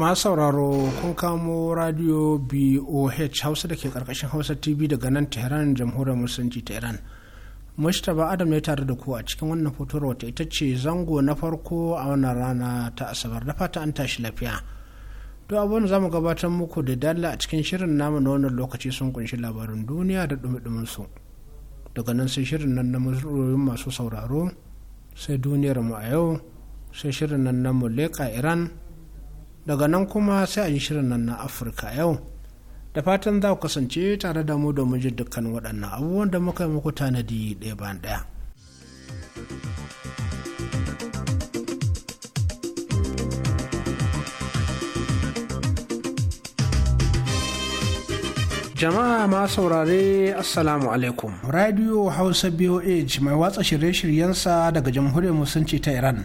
masu sauraro kun kamo radio boh hausa da ke karkashin hausa tv daga nan tehran jamhuriyar musulunci ta iran mustapha adam ne tare da ku a cikin wannan fotowar wata ita ce zango na farko a wannan rana ta asabar da fata an tashi lafiya to abin za mu gabatar muku da dalla a cikin shirin namu na wannan lokaci sun kunshi labarin duniya da dumi su daga nan sai shirin nan na masu sauraro sai duniyar mu a yau sai shirin nan na muleka iran daga nan kuma sai a yi shirin nan na afirka yau da fatan za ku kasance tare da mu domin jin dukkan waɗannan abubuwan da muka yi muku tanadi ɗaya bayan ɗaya. jama'a ma saurare assalamu alaikum radio hausa boh mai watsa shirye-shiryensa daga jamhuriyar musulunci ta iran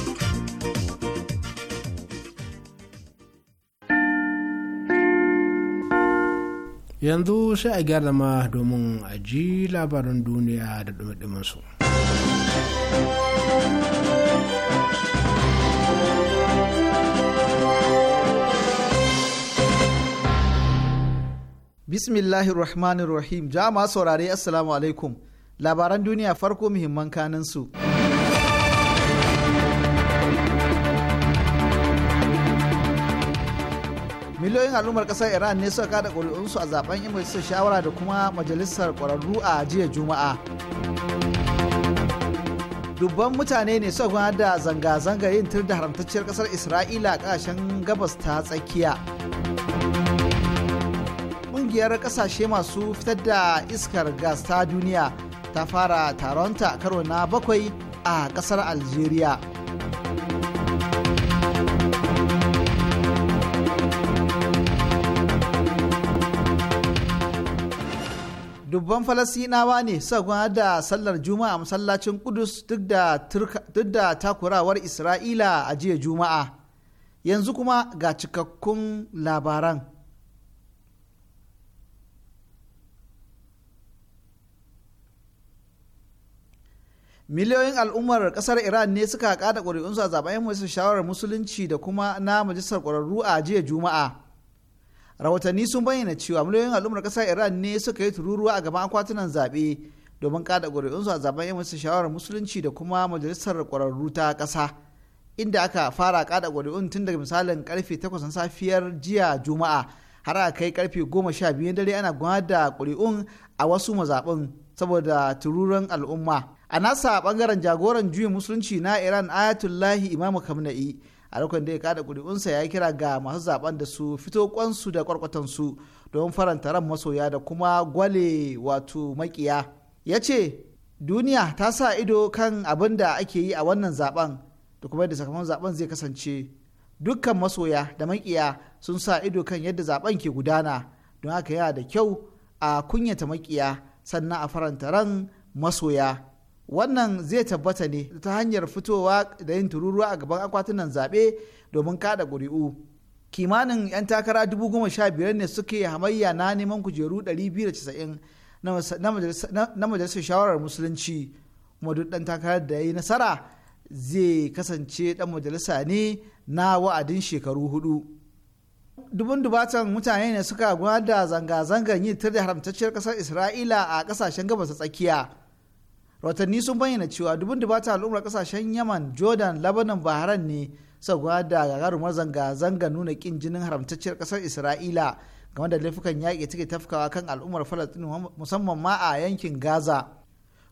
yanzu sai a gyara ma domin a ji labaran duniya da dumi su. bismillahir rahmanir rahim jama'a saurare assalamu alaikum labaran duniya farko muhimman kanin su. miliyoyin al'ummar kasar iran ne suka kada ƙuri'unsu a zaben yan majalisar shawara da kuma majalisar ƙwararru a jiya juma'a dubban mutane ne suka gudanar da zanga-zanga yin tir da haramtacciyar kasar isra'ila a ƙasashen gabas ta tsakiya ƙungiyar ƙasashe masu fitar da iskar gas ta duniya ta fara taron ta karo na bakwai a ƙasar algeria dubban falasinawa ne suka da sallar juma'a masallacin kudus duk da takurawar isra'ila a jiya juma'a yanzu kuma ga cikakkun labaran miliyoyin al'ummar kasar iran ne suka kada ƙuri'unsu a zaben majalisar shawarar musulunci da kuma na majalisar ƙwararru a jiya juma'a rahotanni sun bayyana cewa miliyoyin al'ummar kasar iran ne suka yi tururuwa a gaban akwatunan zaɓe domin kada ƙuri'unsu a zaben yan masu shawarar musulunci da kuma majalisar ƙwararru ta ƙasa inda aka fara kada ƙuri'un tun daga misalin karfe 8 na safiyar jiya juma'a har a kai karfe 12 dare ana gudanar da ƙuri'un a wasu mazaɓin saboda tururan al'umma a nasa bangaren jagoran juyin musulunci na iran ayatullahi imamu kamna'i a lokacin da ya kada kuri'unsa ya kira ga masu zaben da su fito kwansu da kwarkwatansu don faranta ran masoya da kuma gwale wato makiya ya ce duniya ta sa ido kan abin da ake yi a wannan zaben da kuma yadda sakamakon zaben zai kasance dukkan masoya da makiya sun sa ido kan yadda zaben ke gudana don haka yana da kyau a kunyata makiya sannan a faranta ran masoya wannan zai tabbata ne ta hanyar fitowa da yin tururuwa a gaban akwatunan zaɓe domin kada ƙuri'u kimanin 'yan takara 15,000 ne suke hamayya na neman kujeru 290 na majalisar shawarar musulunci madu ɗan takarar da ya yi nasara zai kasance ɗan majalisa ne na wa'adin shekaru hudu dubun dubatan mutane ne suka gudanar da zanga-zangar yin tur da haramtacciyar ƙasar isra'ila a kasashen gabas tsakiya rahotanni sun bayyana cewa dubin ta al'ummar kasashen yaman jordan labanan bahrain ne sagwa da gagarumar zanga-zanga nuna kin jinin haramtacciyar kasar isra'ila game da laifukan yaƙi take tafkawa kan al'ummar falastin musamman ma a yankin gaza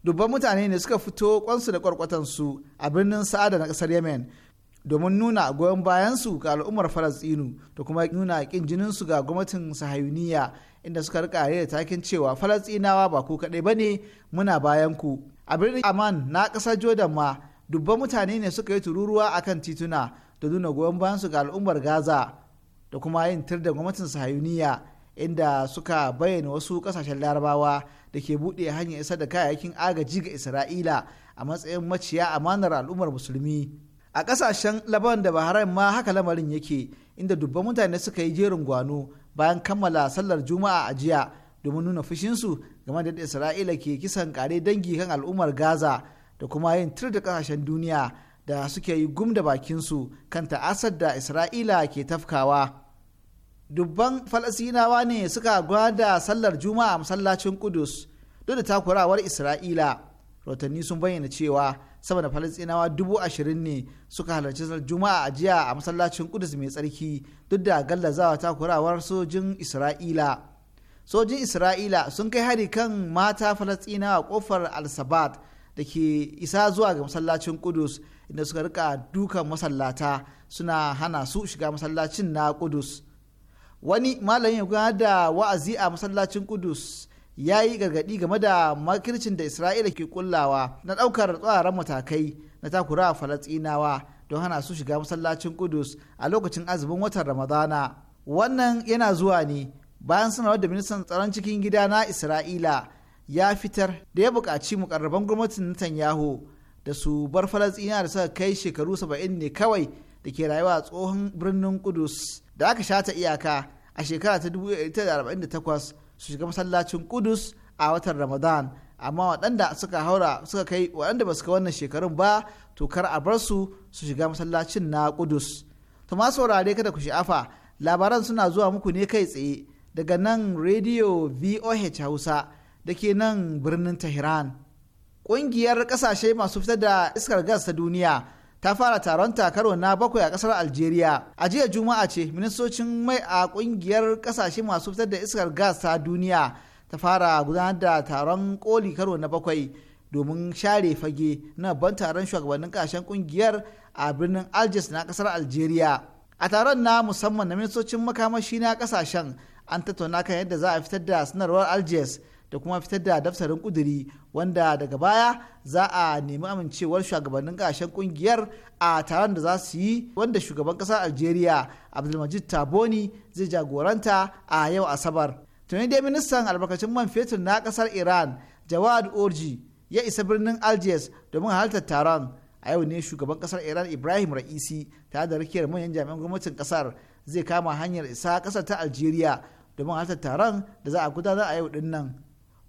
dubban mutane ne suka fito kwansu da kwarkwatansu a birnin sa'ada na kasar yemen domin nuna goyon bayansu ga al'ummar falastinu da kuma nuna kin jininsu ga gwamnatin sahayuniya inda suka rika da takin cewa falastinawa ba ku kaɗai ba ne muna bayan ku a birnin aman na ƙasar Jordan ma dubban mutane ne suka yi tururuwa a kan tituna da nuna goyon bayansu ga al'ummar Gaza da kuma yin tir da gwamnatin sahayuniya inda suka bayyana wasu kasashen larabawa da ke buɗe hanyar isar da kayayyakin agaji ga isra'ila a matsayin maciya amanar al'ummar musulmi a kasashen laban da bahrain ma haka lamarin yake inda dubban mutane suka yi jerin gwano bayan kammala sallar juma'a a jiya domin nuna fushinsu game da isra'ila ke kisan kare dangi kan al'ummar gaza da kuma yin tir da kasashen duniya da suke yi gum da bakinsu kan ta'asar da isra'ila ke tafkawa dubban falasinawa ne suka gwada sallar juma'a masallacin kudus duk da takurawar isra'ila rotanni sun bayyana cewa sama da falasinawa dubu ashirin ne suka halarci sallar juma'a a jiya a masallacin kudus mai tsarki duk da gallazawa takurawar sojin isra'ila sojin isra'ila sun kai hari kan mata falastinawa kofar al-sabat da ke isa zuwa ga masallacin kudus inda suka rika dukan masallata suna hana su shiga masallacin na kudus wani malamin ya gudanar da wa'azi a masallacin kudus ya yi gargaɗi game da makircin da isra'ila ke kullawa na ɗaukar tsaron matakai na takura a falastinawa don hana su shiga masallacin kudus a lokacin azumin watan ramadana wannan yana zuwa ne bayan sanarwar da ministan tsaron cikin gida na isra'ila ya fitar da ya buƙaci mukarraban gwamnatin netanyahu da su bar falasɗina da suka kai shekaru saba'in ne kawai da ke rayuwa a tsohon birnin kudus da aka shata iyaka a shekara ta 1948 su shiga masallacin kudus a watan ramadan amma waɗanda suka haura suka kai waɗanda ba su ka wannan shekarun ba to kar a bar su su shiga masallacin na kudus to ma saurare kada ku sha'afa labaran suna zuwa muku ne kai tsaye daga nan rediyo voh hausa da ke nan birnin tehran ƙungiyar ƙasashe masu fitar da iskar gas ta duniya ta fara taron karo na bakwai a ƙasar algeria a jiya juma'a ce ministocin mai a ƙungiyar ƙasashe masu fitar da iskar gas ta duniya ta fara gudanar da taron ƙoli karo na bakwai domin share fage na ban taron shugabannin ƙasashen ƙungiyar a birnin algiers na ƙasar algeria a taron na musamman na ministocin makamashi na ƙasashen an tattauna kan yadda za a fitar da sanarwar algiers da kuma fitar da daftarin kuduri wanda daga baya za a nemi amincewar shugabannin gashen kungiyar a taron da za su yi wanda shugaban kasar algeria abdulmajid taboni zai jagoranta a yau asabar tuni dai ministan albarkacin man fetur na kasar iran jawad orji ya isa birnin algiers domin halartar taron a yau ne shugaban kasar iran ibrahim ra'isi tare da rakiyar manyan jami'an gwamnatin kasar zai kama hanyar isa kasar ta algeria domin halartar taron da za a gudanar a yau dinnan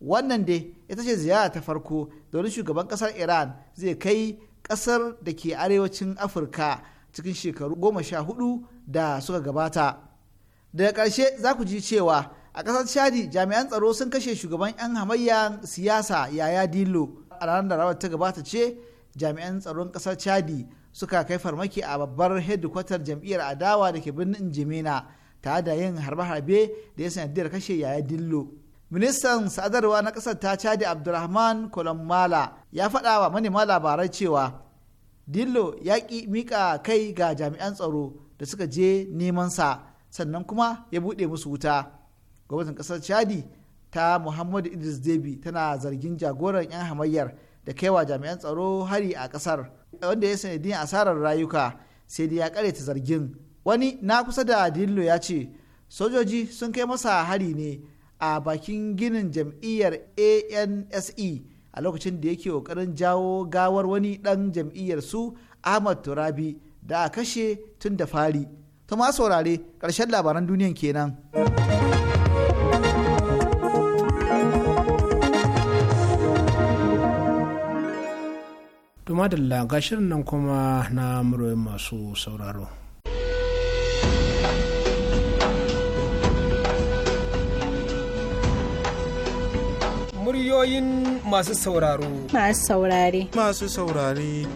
wannan dai ita ce ziyara ta farko domin shugaban kasar iran zai kai kasar da ke arewacin afirka cikin shekaru goma sha hudu da suka gabata daga karshe za ku ji cewa a kasar chadi jami'an tsaro sun kashe shugaban 'yan hamayya siyasa yaya dilo a ranar da rawar ta gabata ce jami'an tsaron kasar chadi suka kai farmaki a babbar hedikwatar jam'iyyar adawa da ke birnin jimina tare da yin harbe-harbe da ya sanadiyar kashe yaya dillo ministan sadarwa na ƙasar ta cadi abdulrahman kolommala ya faɗa wa manema labarai cewa dillo ya ƙi miƙa kai ga jami'an tsaro da suka je neman sa sannan kuma ya buɗe musu wuta gwamnatin ƙasar cadi ta muhammadu idris debi tana zargin jagoran 'yan hamayyar da kai wa jami'an tsaro hari a ƙasar wanda ya sanadiyar asarar rayuka sai dai ya ta zargin wani na kusa da dillo ya ce sojoji sun kai masa hari ne a bakin ginin jam'iyyar anse a lokacin da yake kokarin jawo gawar wani ɗan jam'iyyar su ahmad turabi da a kashe tun da fari to ma saurare karshen labaran duniyan kenan. to gashirin nan kuma na muryoyin masu sauraro Muryoyin masu sauraro. Masu saurare. Masu saurare.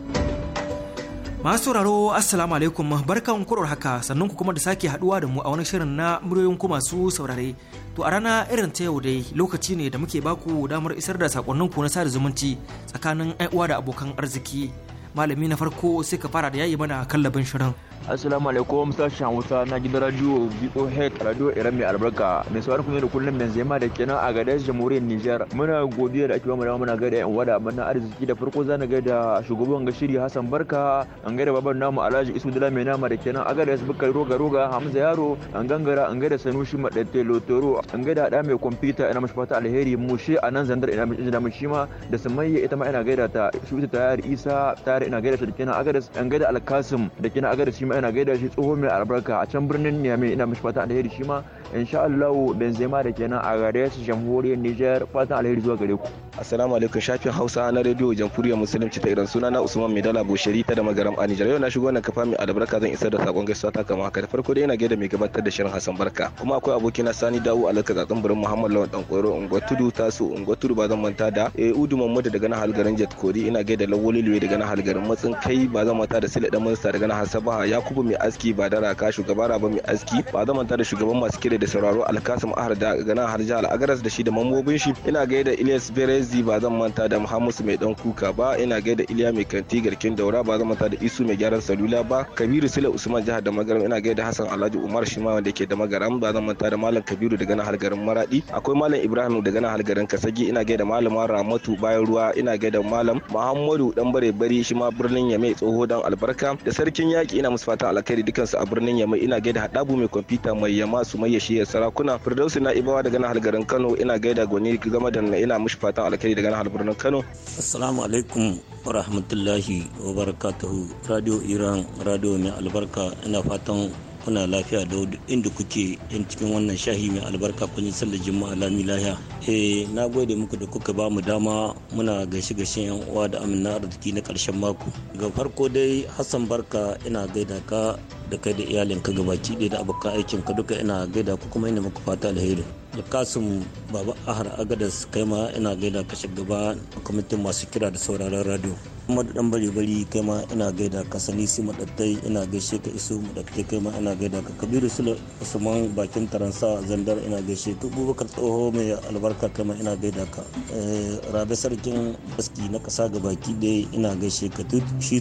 Masu sauraro Assalamu alaikum barkan kurar haka sannan ku kuma da sake haduwa da mu a wani shirin na muryoyin ku masu saurare. To a rana irin ta yau dai lokaci ne da muke baku damar isar da sakonnin ku na sada zumunci tsakanin uwa da abokan arziki. Malami na farko sai ka fara da yayi mana kallabin shirin. Assalamu alaikum sashen Hausa na gidan radio BOH radio Iran mai albarka mai sauraron kuma da kullum Benzema da kenan a gadar jamhuriyar Niger muna godiya da ake ba mu dama muna gaida yan wada mana arziki da farko zan gaida shugaban gashiri Hassan Barka an gaida baban namu Alhaji Isu Dala mai nama da kenan a gaida Bukar Roga Roga Hamza Yaro an gangara an gaida Sanushi Madatte Lotoro an gaida da mai computer ina mashi fata alheri mushe a nan zandar ina mishi da mushi ma da samayya ita ma ina gaida ta shi ta Isa tare ina gaida ta da kenan a gaida an gaida Alkasim da kenan a gaida shi kuma na gaida shi tsoho mai albarka a can birnin Niamey ina mishi fatan alheri shi ma insha Allah Benzema da kenan a gare su jamhuriyar Niger fatan alheri zuwa gare ku Assalamu alaikum shafin Hausa na Radio Jamhuriyar Musulunci ta Iran sunana Usman dala Bushari ta da magaram a Nijar yau na shigo wannan kafa mai albarka zan isar da sakon gaisuwa ta kama haka da farko dai ina gaida mai gabatar da shirin Hassan Barka kuma akwai abokina Sani Dawu Alaka Tsatsan birnin Muhammad Lawan Dan koro Ungwa Tudu Tasu Ungwa Tudu ba zan manta da eh Udu Mamadu daga nan halgarin Jet Kori ina gaida Lawoliluwe daga nan halgarin Matsin Kai ba zan manta da Sile Dan Minista daga nan Hasabaha ya yakubu mai aski ba da raka shugaban raba mai aski ba zamanta da shugaban masu kira da sauraro alkasim ahar da gana har jihar agaras da shi da mambobin shi ina gaida ilyas berezi ba zan manta da muhammadu mai dan kuka ba ina gaida iliya mai kanti garkin daura ba zan manta da isu mai gyaran salula ba kabiru sule usman jihar da magaram ina gaida hassan alhaji umar shima wanda ke da magaram ba zan manta da malam kabiru daga har garin maradi akwai malam ibrahim daga har garin kasagi ina gaida malama ramatu bayan ruwa ina gaida malam muhammadu dan bare bari shi ma birnin yame tsoho dan albarka da sarkin yaki ina musu fatan alkhairi su a birnin Yamai ina gaida Hadabu mai kwamfuta mai Yama su mai yashi sarakuna Firdausi na Ibawa daga nan halgarin Kano ina gaida Gwani game da ina mushi fatan alkhairi daga nan birnin Kano. Assalamu alaikum wa rahmatullahi wa barakatuhu Radio Iran Radio mai albarka ina fatan kuna lafiya da inda kuke yan cikin wannan shahi mai albarka kun yi sallar juma'a lami lahiya eh na gode muku da kuka ba mu dama muna gaishe gaishe yan uwa da amina arziki na karshen mako ga farko dai hassan barka ina gaida ka da kai da iyalinka gabaki ɗaya da abokan aikin ka duka ina gaida ku kuma ina muku fata alheri alkasim baba ahar agadas kaima ina gaida ka shugaba kwamitin masu kira da sauraron radio Muhammadu dan bari bari kai ma ina gaida ka Salisi madattai ina gaishe ka Isu madattai kai ma ina gaida ka Kabiru Sule Usman bakin Taransa Zandar ina gaishe ka Abubakar Tsoho mai albarka kai ma ina gaida ka eh, Rabe sarkin aski na kasa ga baki dai ina gaishe ka shi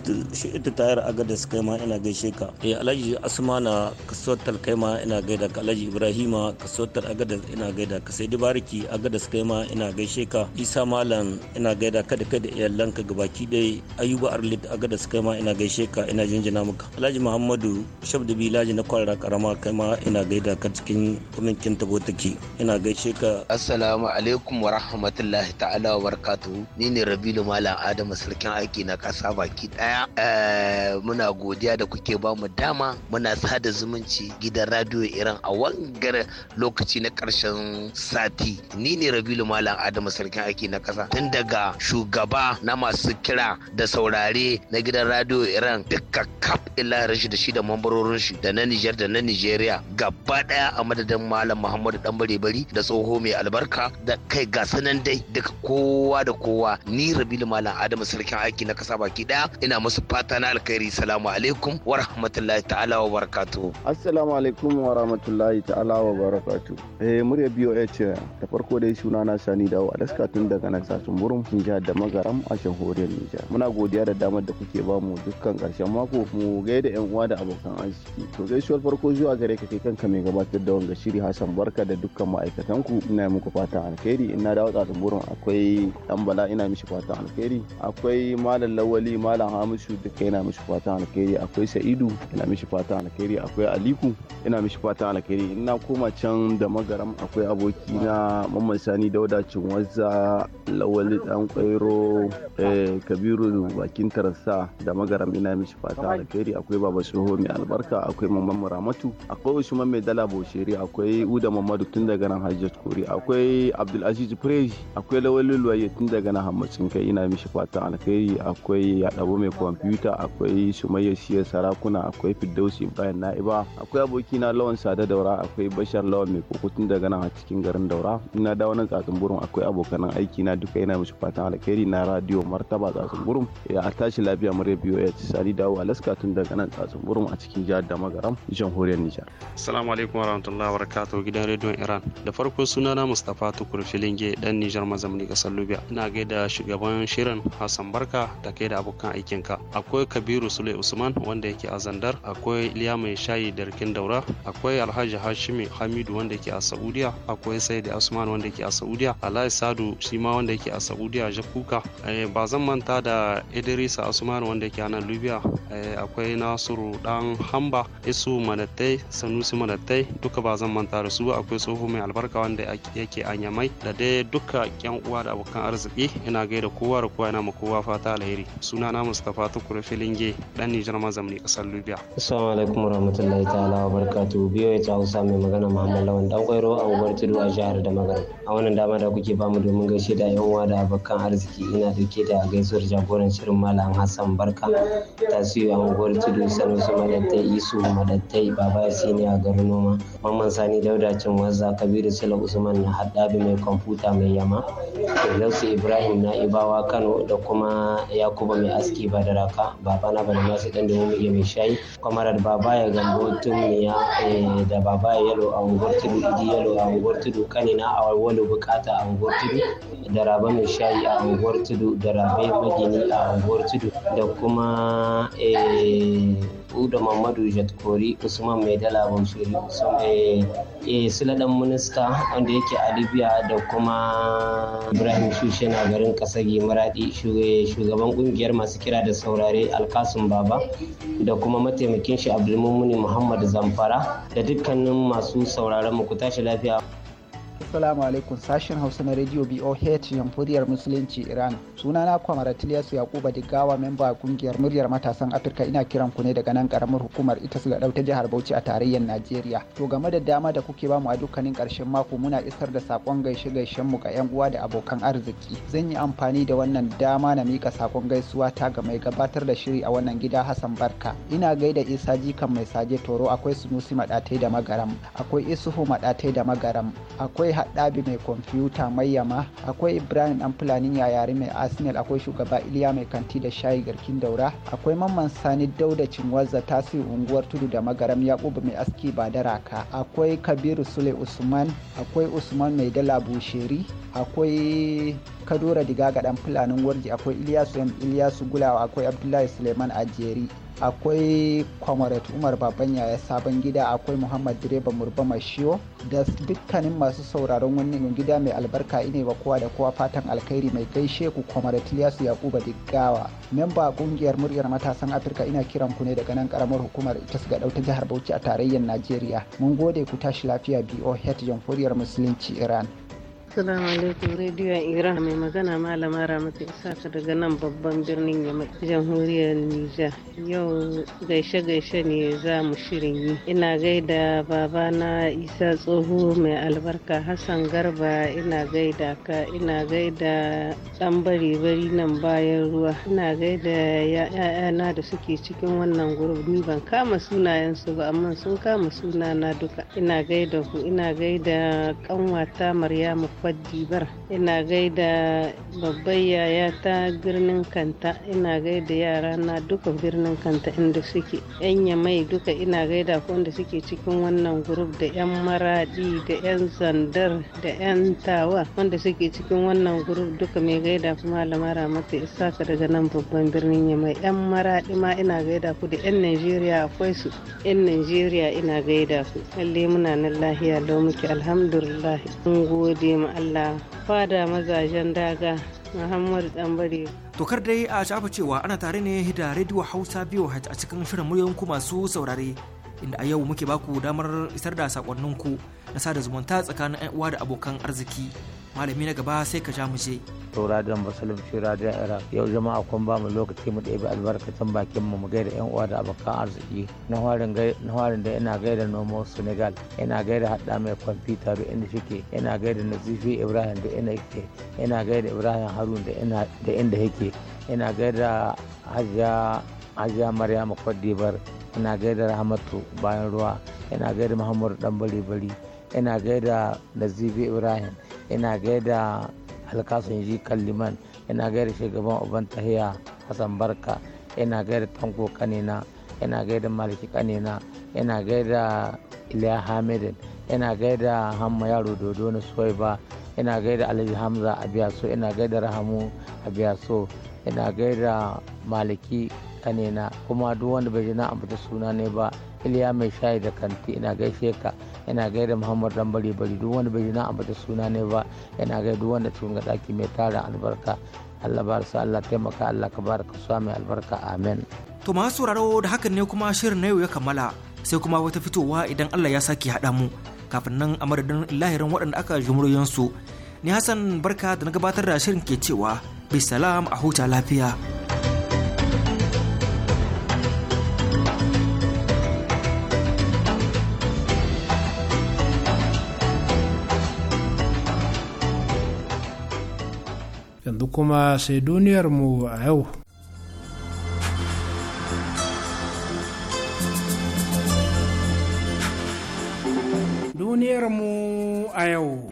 ita tayar agadas kai ma ina gaishe ka eh, Alhaji na kasuwar kai ma ina gaida ka Alhaji Ibrahima kasuwar agadas ina ina gaida ka sai bariki a suka ma ina gaishe ka isa malam ina gaida ka da kada iyalan ka gabaki dai ayuba arlit a gada suka ma ina gaishe ka ina jinjina maka alhaji muhammadu shabda bilaji na kwarara karama kai ma ina gaida ka cikin kuminkin tabo take ina gaishe ka assalamu alaikum wa rahmatullahi ta'ala wa barakatuhu ni ne rabilu malam adamu sarkin aiki na kasa baki daya eh, muna godiya da kuke ba mu dama muna sada zumunci gidan radio iran a wangar lokaci na karshen wannan sati ni ne rabilu malam adamu sarkin aiki na kasa tun daga shugaba na masu kira da saurare na gidan radio iran duka kap ila rashi da shi da mambarorin shi da na nijar da na nijeriya gaba daya a madadin malam muhammadu dan bari da tsoho mai albarka da kai ga sanan dai duka kowa da kowa ni rabilu malam adamu sarkin aiki na kasa baki daya ina musu fata na alkhairi salamu alaikum wa rahmatullahi ta'ala wa barakatuhu assalamu alaikum wa rahmatullahi ta'ala wa barakatuhu eh ya biyo ya ce da farko dai suna na Sani Dawo a daska tun daga nan sasun burum Nijar da Magaram a shahoriyar Nijar. Muna godiya da damar da kuke ba mu dukkan karshen mako mu gai da yan uwa da abokan arziki. To gaisuwar farko zuwa gare ka kai kanka mai gabatar da wanga shiri Hassan Barka da dukkan ma'aikatan ku ina muku fata alkhairi ina dawo sasun burin akwai dan bala ina mishi fata alkhairi akwai malam Lawali malam Hamisu duka ina mishi fata alkhairi akwai Sa'idu ina mishi fata alkhairi akwai Aliku ina mishi fata alkhairi ina koma can da Magaram a akwai aboki na mamman sani dauda wazza lawali dan kwairo eh, kabiru bakin tarasa da magaram ina mishi fata alkhairi akwai baba soho mai albarka akwai mamman muramatu akwai usman mai dala bosheri akwai uda mamadu tun daga nan hajjat kori akwai abdulaziz preji akwai lawali luwaye tun daga nan hammacin kai ina mishi fata alkhairi akwai yadabo mai kwamfuta akwai sumayya shiya sarakuna akwai firdausi ibrahim na'iba akwai aboki na lawan sada daura akwai bashar lawan mai kokotun daga nan a cikin garin daura ina dawo wani tsatsun burin akwai abokanan aiki na duka yana mishi fatan alkhairi na radio martaba tsatsun burin a tashi lafiya murya biyu ya ci sani dawo alaska tun daga nan tsatsun burin a cikin jihar da magaram jamhuriyar nijar. assalamu alaikum wa wa wabarakatuh gidan rediyon iran da farko sunana mustapha tukur filinge dan nijar mazamni kasar lubiya ina da shugaban shirin hassan barka ta kai da abokan aikinka akwai kabiru sule usman wanda yake a zandar akwai iliya mai shayi da rikin daura akwai alhaji hashimi hamidu wanda yake a saudiya akwai sai da usman wanda ke a saudiya alhaji sadu shi ma wanda ke a saudiya jakuka eh, ba zan manta da idrisa usman wanda ke a nan libya eh, akwai nasiru dan hamba isu manattai sanusi manattai duka ba zan manta da su akwai tsoho mai albarka wanda yake a nyamai da dai duka yan uwa da abokan arziki ina gaida kowa da kowa yana kowa fata alheri suna na mustapha tukuru filinge dan nijar mazamni kasar libya assalamu alaikum warahmatullahi ta'ala wa barakatuhu biyo ya hausa mai magana muhammad lawan dan kwairo a unguwar tudu a jihar da a wannan dama da kuke bamu domin gaishe da yan uwa da abokan arziki ina dauke da gaisuwar jagoran shirin malam hassan barka tasiri a unguwar tudu sanusu madattai isu madattai baba sini a garin noma mamman sani dauda cin wazza kabiru sula usman na haddabi mai kwamfuta mai yama firdausu ibrahim na ibawa kano da kuma yakuba mai aski ba da raka baba na bada masu dan da mu mai shayi kwamarar baba ya gambo ya eh, da baba ya yalo a unguwar tudu idi yalo a unguwar tudu kanina a wani bukata a unguwar tudu da rabe mai shayi a unguwar tudu da rabe magini a unguwar tudu da kuma eh, uda mamadu jatkori usman mai dala bamsuri sila eh, eh, Suladan minista wanda yake a libya da kuma ibrahim shushe na garin kasagi maradi shugaban kungiyar masu kira da saurare alkasun baba da kuma mataimakin shi abdulmumuni muhammad zamfara da dukkanin masu sauraron mu ku tashi lafiya Assalamu alaikum sashen Hausa na Radio BOH Jamhuriyar Musulunci Iran. Sunana Kwamar Tiliyasu Yakuba Digawa memba kungiyar muryar matasan Afirka ina kiran ku ne daga nan karamar hukumar ita su ta jihar Bauchi a tarayyar Najeriya. To game da dama da kuke bamu a dukkanin karshen mako muna isar da sakon gaishe gaishen mu ga yan uwa da abokan arziki. Zan yi amfani da wannan dama na mika sakon gaisuwa ta ga mai gabatar da shiri a wannan gida Hassan Barka. Ina gaida Isa Jikan mai saje Toro akwai Sunusi Madatai da Magaram, akwai Isuhu Madatai da Magaram, akwai haɗabi mai kwamfuta mai yama akwai ibrahim dan fulani yare mai arsenal akwai shugaba iliya mai kanti da shayi garkin daura akwai mamman sani dauda cinwazza tasi unguwar tudu da magaram yakubu mai aski ba da raka akwai kabiru sule usman akwai usman mai dala bushiri akwai kadura diga ga dan fulanin warji akwai iliyasu m iliyasu gulawa akwai abdullahi suleiman ajeri akwai kwamarat umar baban yaya sabon gida akwai muhammad direba murba mashiyo da dukkanin masu sauraron wannan gida mai albarka ine ba kowa da kowa fatan alkhairi mai gaishe ku kwamarat liyasu yakuba diggawa memba kungiyar muryar matasan afirka ina kiran ku ne daga nan karamar hukumar ita su ta jihar bauchi a tarayyar najeriya mun gode ku tashi lafiya boh jamhuriyar musulunci iran Assalamu alaikum rediyon Iran mai magana malama Ramatu Isaka daga nan babban birnin Yamai jamhuriyar Nijar. Yau gaishe-gaishe ne za mu shirin yi. Ina gaida babana Isa Tsoho mai albarka Hassan Garba ina gaida ka ina gaida dan bari bari nan bayan ruwa ina gaida ya'yana da suke cikin wannan gurbi ni ban kama sunayensu ba amma sun kama sunana duka ina gaida ku ina gaida kanwata Maryamu kwadibar ina gaida babbar yaya ta birnin kanta ina gaida yara na duka birnin kanta inda suke yan yamai duka ina gaida ko wanda suke cikin wannan grup da yan maradi da yan zandar da yan tawa wanda suke cikin wannan grup duka mai gaida ku malama isa isaka daga nan babban birnin yamai yan maradi ma ina gaida ku da yan najeriya akwai su yan najeriya ina gaida ku lalle muna nan lahiya lau muke alhamdulillah mun gode ma Allah fada mazajen daga Muhammadu Dambare. Tokar dai a shafa cewa ana tare ne da Radio Hausa biyu a cikin shirin muryoyin masu saurare inda a yau muke baku damar isar da sakonninku na sada zumunta tsakanin uwa da abokan arziki. malami na gaba sai ka ja mu je to radiyon musulun shi radiyon iraq yau jama'a kun ba mu lokaci mu ɗebi albarkacin bakin mu mu gaida ƴan uwa da abokan arziki na harin da ina gaida nomo senegal ina gaida hada mai kwamfuta da inda shike ina gaida nazifi ibrahim da ina yake ina gaida ibrahim harun da ina da inda yake ina gaida hajiya Hajja maryama kwadibar ina gaida rahmatu bayan ruwa ina gaida muhammadu dan bari bari ina gaida nazifi ibrahim ina gaida alkasan ji kalliman ina gaida shugaban uban tahiya hassan barka ina gaida tanko kanina ina gaida maliki kanina ina gaida iliya hamidin ina gaida hamma yaro dodo na ba ina gaida alhaji hamza a so ina gaida rahamu a so ina gaida maliki kanina kuma duk wanda bai ji na ambata suna ne ba iliya mai shayi da kanti ina gaishe ka yana gaida muhammad dan bari bari duk wani bai na ambata suna ne ba yana gaida duk wanda cikin daki mai tara albarka allah ba su allah taimaka allah ka baraka su mai albarka amen. to masu sauraro da hakan ne kuma shirin na yau ya kammala sai kuma wata fitowa idan allah ya sake haɗa mu kafin nan a madadin lahirin waɗanda aka su ni hassan barka da na gabatar da shirin ke cewa bisalam a huta lafiya. yanzu kuma sai mu a yau mu a yau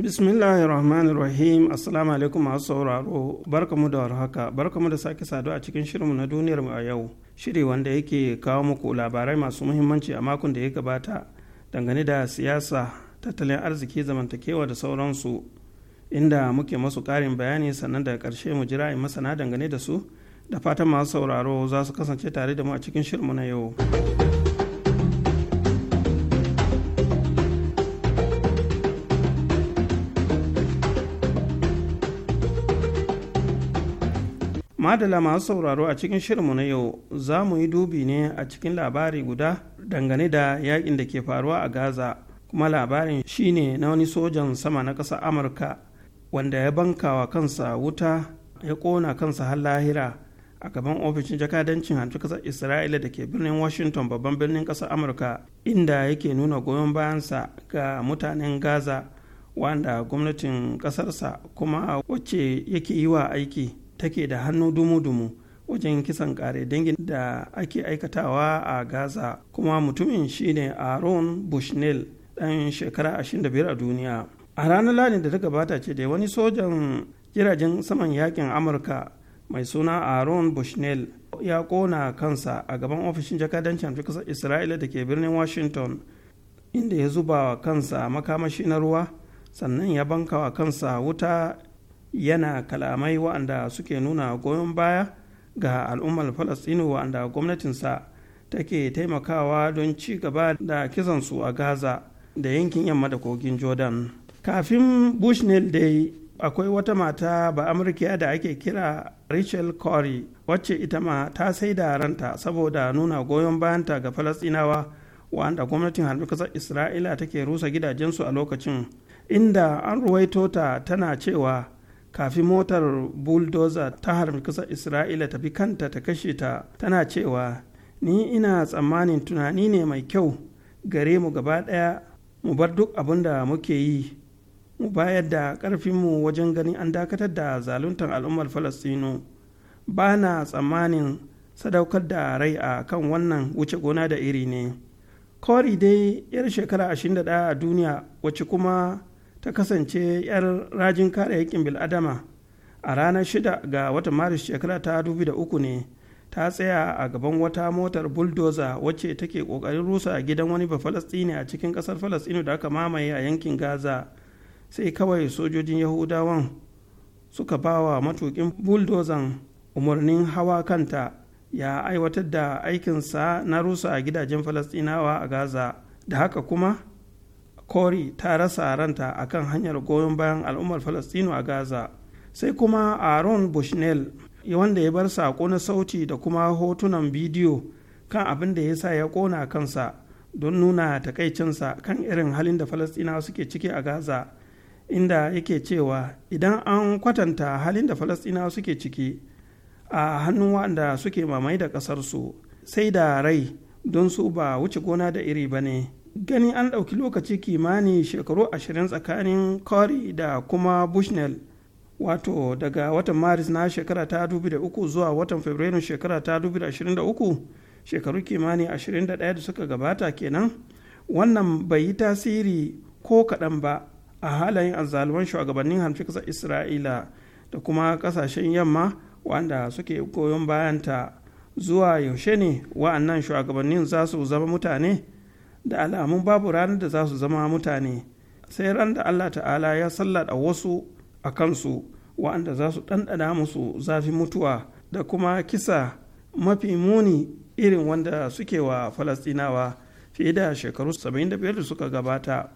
bismillahir rahmanir rahim assalamu alaikum masu sauraro barkamu da warhaka barkamu da sake saduwa a cikin shirinmu na duniyar mu a yau shiri wanda yake kawo muku labarai masu muhimmanci a makon da ya gabata dangane da siyasa tattalin arziki zamantakewa da sauransu inda muke masu ƙarin bayani sannan daga ƙarshe mu jira in masana dangane da su da fatan masu sauraro za su kasance tare da mu a cikin shirmu na yau. Madala masu sauraro a cikin shirinmu na yau za mu yi dubi ne a cikin labari guda dangane da yakin da ke faruwa a Gaza kuma labarin shine na wani sojan sama na ƙasar amurka wanda ya bankawa kansa wuta ya ƙona kansa har lahira a gaban ofishin jakadancin hantu ƙasar isra'ila da ke birnin washington babban birnin ƙasar amurka inda yake nuna goyon bayansa ga mutanen gaza wanda gwamnatin ƙasarsa kuma wacce yake yi wa aiki take da hannu dumu-dumu wajen kisan kare dangin da ake aikatawa a gaza kuma mutumin shine aaron bushnell ɗan shekara 25 a duniya a ranar lalin da ta gabata ce da wani sojan jiragen saman yakin amurka mai suna aaron bushnell ya kona kansa a gaban ofishin jakadancin kasar isra'ila da ke birnin washington inda ya zuba wa kansa makamashi na ruwa sannan ya banka wa kansa wuta yana kalamai wa'anda suke nuna goyon baya ga al'ummar falastinu wa'anda gwamnatinsa take taimakawa don ci gaba da kisansu a gaza da yankin yamma da kogin jordan kafin bushnell dai akwai wata mata ba amurkiya da ake kira rachel corey wacce ita ma ta sai da ranta saboda nuna goyon bayanta ga falasinawa wanda gwamnatin harbi kasar isra'ila take rusa gidajensu a lokacin inda an ruwaito ta tana cewa kafin motar bulldozer ta harbi kasar isra'ila tafi kanta ta kashe ta tana cewa ni ina tsammanin tunani ne mai kyau gare mu gaba ɗaya mu bar duk abin da muke yi mu bayar da ƙarfinmu wajen ganin an dakatar da zaluntar al'ummar falastinu ba na tsammanin sadaukar da rai a kan wannan wuce gona da iri ne kori dai yar shekara 21 a duniya wacce kuma ta kasance yar rajin kare yakin bil'adama a ranar 6 ga watan maris shekara ta 2003 ne ta tsaya a gaban wata motar buldoza wacce take kokarin rusa a gidan wani bafalastini a cikin kasar falastinu da aka mamaye a yankin gaza sai kawai sojojin yahudawan suka ba wa matukin buldozan umarnin hawa kanta ya aiwatar da aikinsa na rusa a gidajen falastinawa a gaza da haka kuma kori ta rasa ranta akan hanyar goyon bayan al'ummar falastinu a gaza sai kuma aaron bushnell wanda ya bar saƙo na sauti da kuma hotunan bidiyo kan abin da ya sa ya ƙona kansa don nuna takaicinsa kan irin halin da falasɗinawa suke ciki a gaza inda yake cewa idan an kwatanta halin da falasɗinawa suke ciki a hannun wanda suke mamai da ƙasarsu sai da rai don su ba wuce gona da iri ba ne gani an ɗauki lokaci kimanin shekaru ashirin tsakanin Kori da kuma bushnell wato daga watan maris na shekara ta 2003 zuwa watan fabrairu shekara ta 2023 shekaru kimanin 21 da suka gabata kenan wannan bai yi tasiri ko kaɗan ba a halayen azzaluman shugabannin hamshi kasa isra'ila da kuma ƙasashen yamma wanda suke goyon bayanta zuwa yaushe ne wa'annan shugabannin za su zama mutane da alamun babu ranar da za su zama mutane sai ran da allah ta'ala ya sallada wasu a kansu wa'anda za su ɗanɗana musu zafin mutuwa da kuma kisa mafi muni irin wanda suke wa falastinawa fiye da shekaru 75 da suka gabata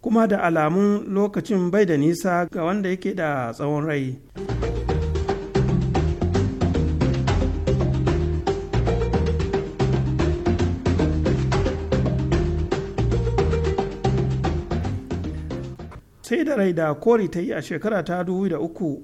kuma da alamun lokacin bai da nisa ga wanda yake da tsawon rai. rai da kori ta yi a shekara ta dubu da uku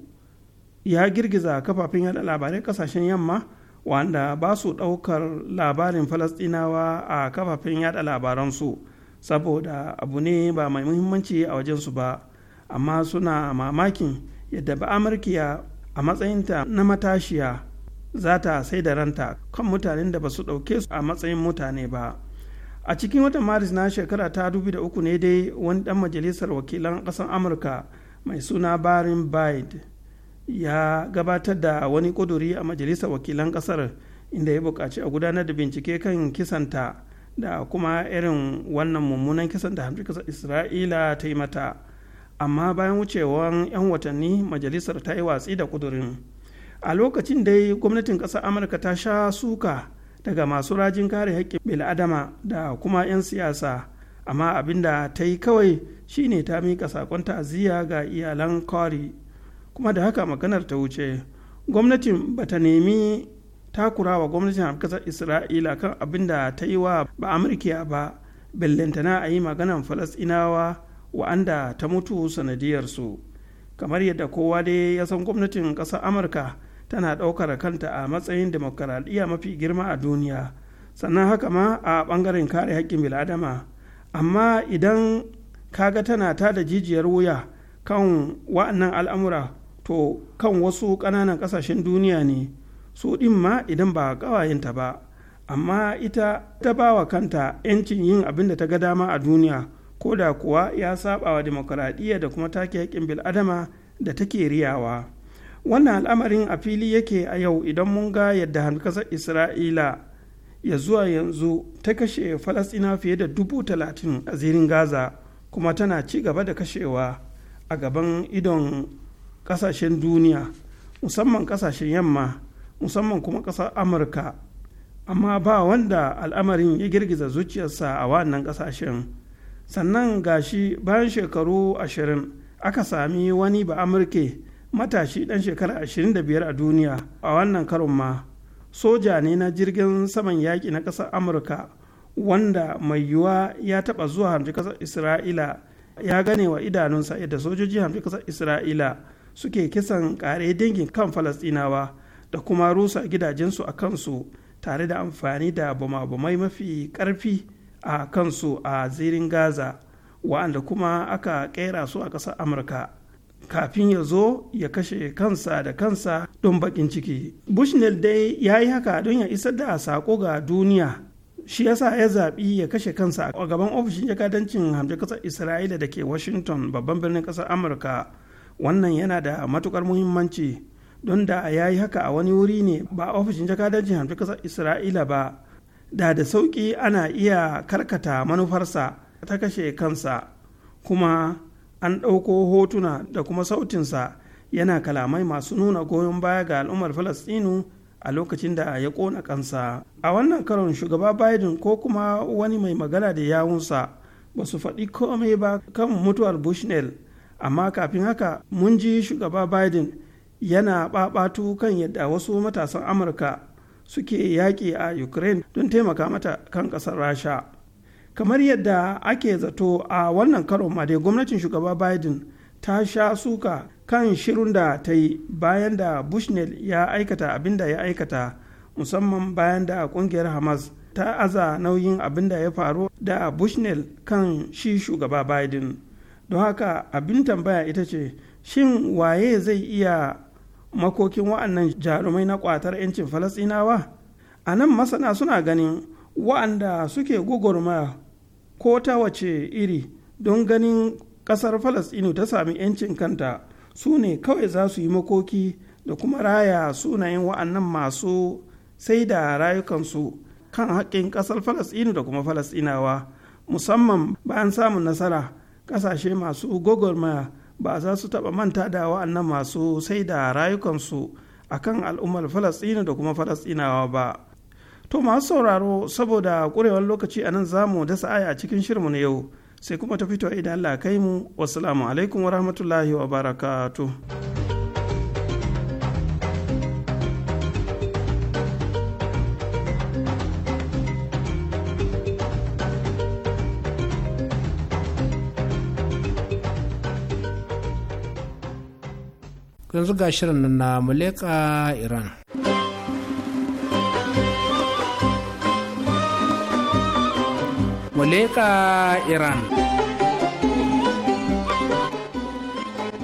ya girgiza kafafen yada labarai kasashen yamma wanda ba su ɗaukar labarin Falasɗinawa a kafafen yada labaransu saboda abu ne ba mai muhimmanci a wajensu ba amma suna mamakin yadda ba amurkiya a matsayinta na matashiya za ta sai da ranta kan mutanen da ba su ɗauke su a matsayin mutane ba a cikin watan maris na shekara ta uku ne dai wani dan majalisar wakilan kasar amurka mai suna barin bide ya gabatar da wani kuduri a majalisar wakilan kasar inda ya bukaci a gudanar da bincike kan kisanta da kuma irin wannan mummunan kisan da kasar isra'ila ta yi mata amma bayan wucewan 'yan watanni majalisar ta yi watsi da kudurin a lokacin dai gwamnatin ƙasar amurka ta sha suka daga masu rajin kare haƙƙin bil'adama da kuma 'yan siyasa amma abin da ta yi kawai shine ta miƙa sakon ta'aziyya ga iyalan kori kuma da haka maganar ta wuce gwamnatin ba ta nemi takura wa gwamnatin ƙasar isra'ila kan abin da ta yi wa ba amurkiya ba na a yi maganan falasɗinawa wa'anda ta mutu sanadiyarsu kamar yadda kowa dai ya san gwamnatin ƙasar amurka tana ɗaukar kanta a matsayin demokaradiyya mafi girma a duniya sannan haka ma a ɓangaren kare haƙƙin bil'adama amma idan kaga tana ta da jijiyar wuya kan wa'annan al'amura to kan wasu ƙananan ƙasashen duniya ne su ɗin ma idan ba ƙawayenta ba amma ita ta ba wa kanta 'yancin yin abin da ta ga dama a duniya ko da kuwa ya saba wa demokaradiyya da kuma take haƙƙin bil'adama da take riyawa. wannan al'amarin a fili yake a yau idan mun ga yadda hankasar isra'ila ya zuwa yanzu ta kashe falasina fiye da dubu talatin a zirin gaza kuma tana ci gaba da kashewa a gaban idon kasashen duniya musamman kasashen yamma musamman kuma kasar amurka amma ba wanda al'amarin ya girgiza zuciyarsa a wannan kasashen sannan gashi bayan shekaru ashirin aka sami wani ba amurke matashi dan shekara 25 a duniya a wannan karon ma soja ne na jirgin saman yaƙi na ƙasar amurka wanda mai yiwuwa ya taɓa zuwa hamshi ƙasar isra'ila ya gane wa idanunsa yadda sojoji hamshi ƙasar isra'ila suke kisan ƙare dingin kan falastinawa da kuma rusa gidajensu a kansu tare da amfani da bama mafi ƙarfi a kansu a zirin gaza wa'anda kuma aka ƙera su a ƙasar amurka kafin ya zo ya kashe kansa da kansa don bakin ciki bushnell dai ya yi haka don ya isar da sako ga duniya shi yasa ya zaɓi ya kashe kansa a gaban ofishin jakadancin hamdi ƙasar isra'ila da ke washington babban birnin ƙasar amurka wannan yana da matukar muhimmanci don da ya yi haka a wani wuri ne ba ofishin jakadancin hamdi ƙasar isra'ila ba da da sauƙi ana iya karkata manufarsa ta kashe kansa kuma an ɗauko hotuna da kuma sautinsa yana kalamai masu nuna goyon baya ga al'ummar falastinu a lokacin da ya ƙona kansa a wannan karon shugaba biden ko kuma wani mai magana da yawunsa ba su faɗi komai ba kan mutuwar bushnell amma kafin haka mun ji shugaba biden yana ɓaɓatu kan yadda wasu matasan amurka suke yaƙi a ukraine don taimaka mata kan ƙasar rasha kamar yadda ake zato a wannan karon ma dai gwamnatin shugaba biden ta sha suka kan shirin da ta yi bayan da bushnell ya aikata abin da ya aikata musamman bayan da kungiyar hamas ta aza nauyin abin da ya faru da bushnell kan shi shugaba biden don haka abin tambaya ita ce shin waye zai iya makokin wa'annan jarumai na kwatar 'yancin falasinawa a nan masana suna ganin wa'anda suke gugurma ko ta wace iri don ganin ƙasar falasɗinu ta sami 'yancin kanta su ne kawai za su yi makoki da kuma raya sunayen wa'annan masu sai da rayukansu kan haƙƙin ƙasar falasɗinu da kuma falasɗinawa musamman bayan samun nasara ƙasashe masu gogormaya ba za su taɓa manta da wa'annan masu sai da rayukansu akan al'ummar falasɗinu da kuma falasɗinawa ba. to masu sauraro saboda ƙurewar lokaci a nan zamu dasa aya a cikin shirinmu na yau sai kuma ta fito idan Allah kai mu wassalamu alaikum wa rahmatullahi wa barakatu. yanzu ga shirin na muleka iran Muleka Iran.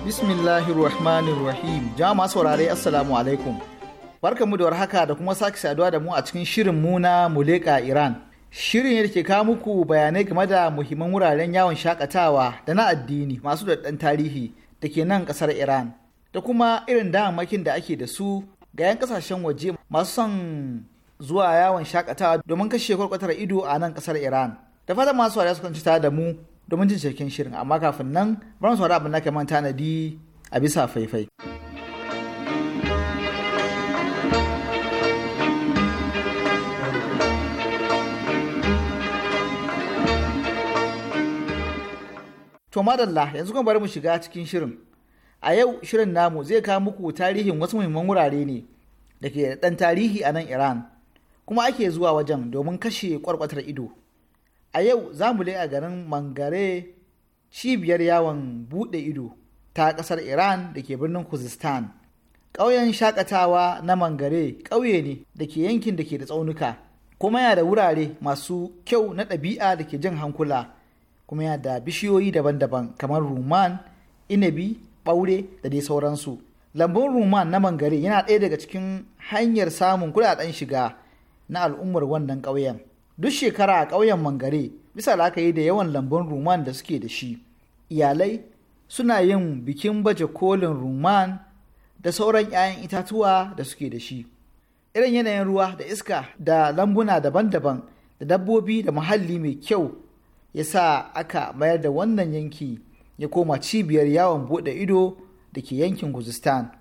Bismillahir Rahmanir Rahim. Jama'a saurare Assalamu alaikum. Barkanmu da warhaka da kuma sake saduwa da mu a cikin shirin mu na Muleka Iran. Shirin da ke kawo muku bayanai game da muhimman wuraren yawon shakatawa da na addini masu daɗan tarihi da ke nan ƙasar Iran. Da kuma irin damamakin da ake da su ga 'yan ƙasashen waje masu son zuwa yawon shakatawa domin kashe kwarkwatar ido a nan ƙasar Iran. da fatan masu saurari su kwanci da mu domin jin cikin shirin amma kafin nan bari mu saurari abin da tanadi a bisa faifai. To madalla yanzu kuma bari mu shiga cikin shirin. A yau shirin namu zai kawo muku tarihin wasu muhimman wurare ne da ke da ɗan tarihi a nan Iran kuma ake zuwa wajen domin kashe kwarkwatar ido. a yau za mu a garin mangare cibiyar yawon bude ido ta kasar iran da ke birnin kuzistan ƙauyen shakatawa na mangare ƙauye ne da ke yankin da ke da tsaunuka kuma yana da wurare masu kyau na ɗabi'a da ke jin hankula kuma yana da bishiyoyi daban-daban kamar ruman inabi ɓaure da dai sauransu lambun ruman na mangare yana ɗaya daga cikin hanyar samun kuɗaɗen shiga na al'ummar wannan ƙauyen duk shekara a ƙauyen mangare bisa la'akari da yawan lambun ruman da suke da shi iyalai suna yin bikin baje kolin ruman da sauran 'ya'yan itatuwa da suke da shi irin yanayin ruwa da iska da lambuna daban-daban da dabbobi da muhalli mai kyau ya sa aka mayar da wannan yanki ya koma cibiyar yawon buɗe ido da ke yankin guzistan.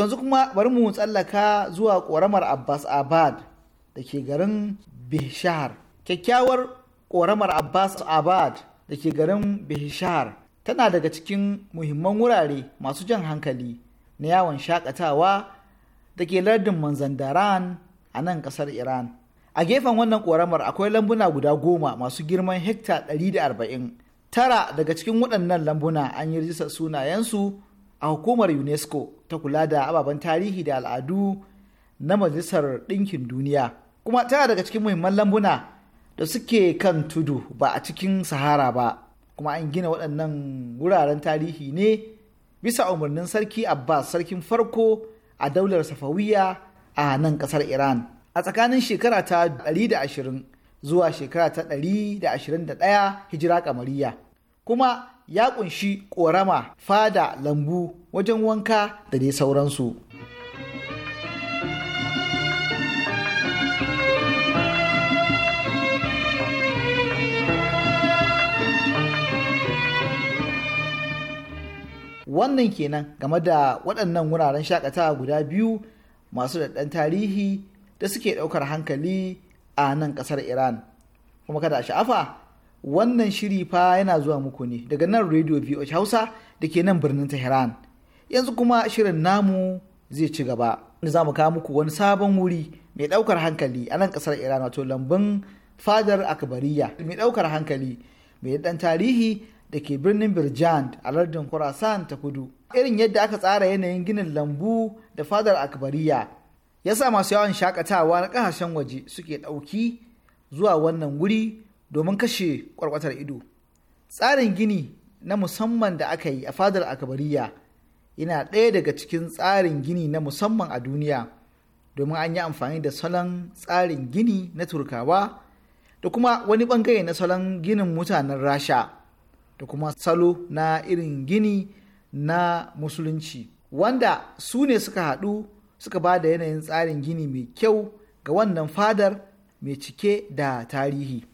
yanzu kuma bari mu tsallaka zuwa ƙoramar Abbas Abad da ke garin Bishar. Kyakkyawar ƙoramar Abbas Abad da ke garin Bishar tana daga cikin muhimman wurare masu jan hankali na yawon shakatawa da ke lardin Manzandaran a nan ƙasar Iran. A gefen wannan ƙoramar akwai lambuna guda goma masu girman hekta 140. Tara daga cikin waɗannan lambuna an yi rijistar sunayensu a hukumar unesco ta kula da ababen tarihi da al'adu na majalisar ɗinkin duniya kuma tana daga cikin muhimman lambuna da suke kan tudu ba a cikin sahara ba kuma an gina waɗannan wuraren tarihi ne bisa umarnin sarki abbas sarkin farko a daular safawiya a nan ƙasar iran a tsakanin shekara ta 120 zuwa shekara ta 121 hijira kamariya kuma ya kunshi ƙorama fada lambu wajen wanka da dai sauransu wannan kenan game da waɗannan wuraren shakatawa guda biyu masu daɗan tarihi da suke ɗaukar hankali a nan ƙasar iran kuma kada sha'afa wannan shiri fa yana zuwa muku ne daga nan radio voh hausa da ke nan birnin tehran yanzu kuma shirin namu zai ci gaba za mu kawo muku wani sabon wuri mai daukar hankali a nan kasar iran wato lambun fadar akbariya mai daukar hankali mai dan tarihi da ke birnin birjan a lardin kurasan ta kudu irin yadda aka tsara yanayin ginin lambu da fadar akbariya ya sa masu yawan shakatawa na kasashen waje suke ɗauki zuwa wannan wuri domin kashe kwarkwatar ido tsarin gini na musamman da aka yi a fadar akabariya yana ɗaya daga cikin tsarin gini na musamman a duniya domin an yi amfani da salon tsarin gini na turkawa da kuma wani ɓangare na salon ginin mutanen rasha da kuma salo na irin gini na musulunci wanda su ne suka haɗu suka ba da yanayin tsarin gini mai kyau ga wannan fadar mai cike da tarihi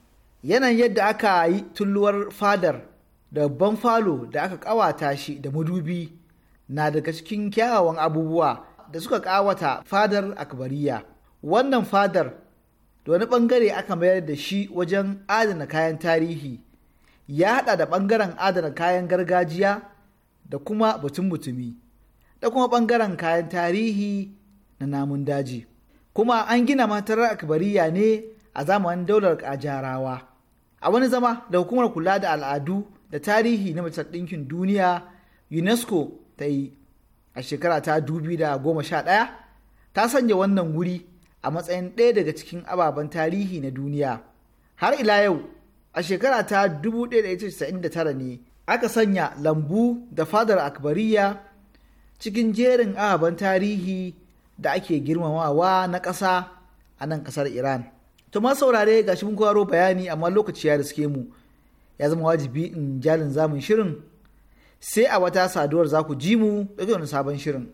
yanayin yadda aka yi tulluwar fadar da babban falo da aka ƙawata shi da madubi na daga cikin kyawawan abubuwa da suka ƙawata fadar akbariya wannan fadar da wani ɓangare aka mayar da shi wajen adana kayan tarihi ya haɗa da ɓangaren adana kayan gargajiya da kuma batun mutumi da kuma ɓangaren kayan tarihi na namun daji kuma an gina matar akbariya ne a zamanin daular kajarawa a wani zama da hukumar kula da al'adu da tarihi na majalisar ɗinkin duniya unesco ta yi a shekara ta ɗaya ta sanya wannan wuri a matsayin ɗaya daga cikin ababen tarihi na duniya har ila yau a shekara ta 1999 ne aka sanya lambu da fadar akbariya cikin jerin ababen tarihi da ake girmamawa na ƙasa a nan ƙasar iran to ma saurare ga shi mun kwaro bayani amma lokaci ya riske mu ya zama wajibi in jalin zamun shirin sai a wata saduwar za ku ji mu daga wani sabon shirin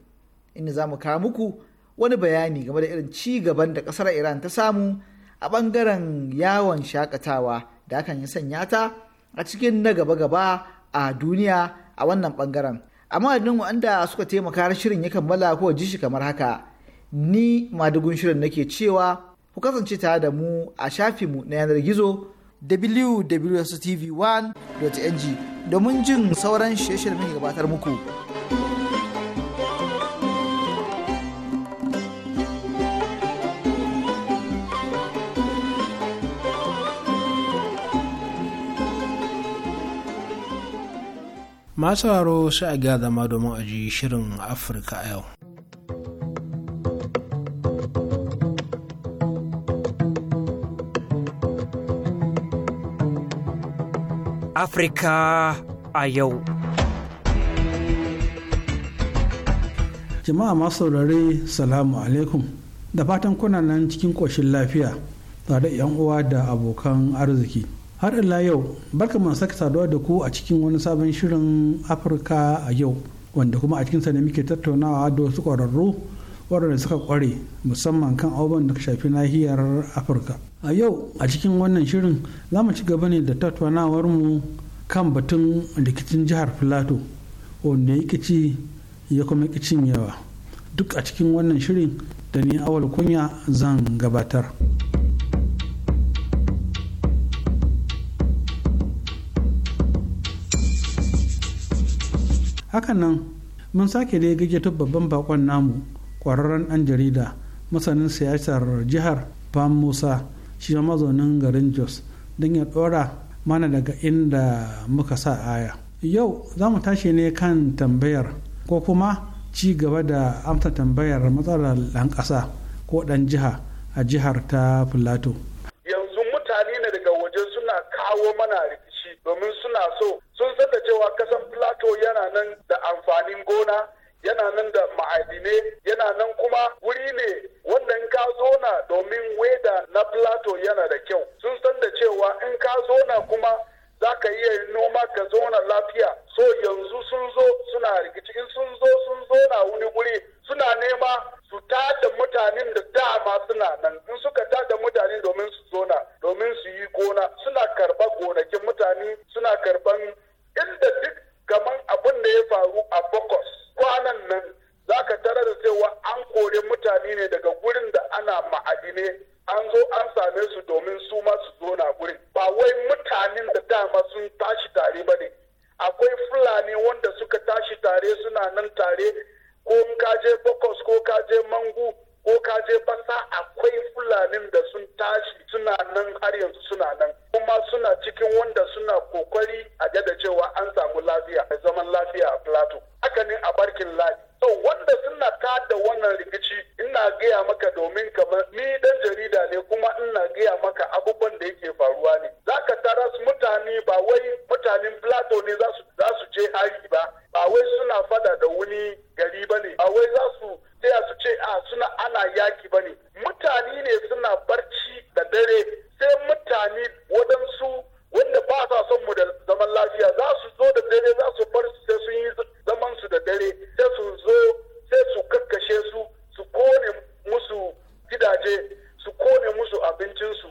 inda za mu kawo muku wani bayani game da irin ci gaban da kasar iran ta samu a bangaren yawon shakatawa da hakan ya sanya ta a cikin na gaba-gaba a duniya a wannan bangaren amma adinin wanda suka taimaka shirin ya kammala ko ji shi kamar haka ni madugun shirin nake cewa ku kasance tare da mu a mu na yanar gizo www.tv1.ng domin jin sauran shirye-shiryen mai gabatar muku. masu sauraro sai a gyara zama domin a ji shirin afirka a yau Afirka a yau. Jama'a masu saurari salamu alaikum da fatan kuna nan cikin ƙoshin lafiya tare da uwa da abokan arziki. Har ila yau, barka mu sake saduwa da ku a cikin wani sabon shirin Afirka a yau, wanda kuma a cikinsa ne muke tattaunawa da wasu ƙwararru waɗanda suka ƙware musamman kan abubuwan da ka shafi nahiyar Afirka. a yau a cikin wannan shirin za mu ci gaba ne da tattaunawar mu kan batun rikicin jihar filato wanda ya ci ya kuma ki cinyewa duk a cikin wannan shirin da ni awal kunya zan gabatar hakanan mun sake da ya babban bakon namu kwararren dan jarida masanin siyasar jihar ban Musa shi ma mazaunin garin jos don ya ɗora mana daga inda muka sa aya yau za mu tashi ne kan tambayar ko kuma ci gaba da amsa tambayar matsalar ɗan ƙasa ko ɗan jiha a jihar ta filato yanzu mutane ne daga waje suna kawo mana rikici domin suna so sun san da cewa kasan filato yana nan da amfanin gona yana nan da ma'adinai yana nan kuma wuri ne wanda in ka zona domin weda na plato yana da kyau sun san da cewa in ka zona kuma za ka iya noma ka zona lafiya so yanzu sun zo suna rikici in sun zo sun zona wani wuri suna nema su ta da mutanen da dama suna nan in suka ta da mutane domin su zona domin su yi gona suna karban gonakin mutane suna karban inda duk kamar abin da ya faru a Bokos kwanan nan za ka tarar da cewa an kore mutane ne daga gurin da ana ma'adine an zo an same su domin su ma su zona gurin ba wai mutanen da dama sun tashi tare ba ne akwai fulani wanda suka tashi tare suna nan tare ko in kaje bokos ko kaje mangu ko ka je fasa, akwai fulanin da sun tashi suna nan har yanzu suna nan kuma suna cikin wanda suna kokari a da cewa an samu lafiya da zaman lafiya a plateau haka ne a barkin ladi so wanda suna da wannan rikici ina gaya maka domin kamar ni dan jarida ne kuma ina gaya maka abubuwan da yake faruwa ne Za ka tara su mutane ba wai mutanen plato ne za su je ari ba ba wai suna fada da wani gari ba ne ba wai za su taya su ce a ah, suna ana yaki ba ne mutane ne suna barci da dare sai mutane waɗansu wanda ba sa son mu da zaman lafiya za su zo da dare za su bar su sai sun yi zaman su da dare sai su zo sai su kakkashe su su kone musu gidaje su kone musu abincinsu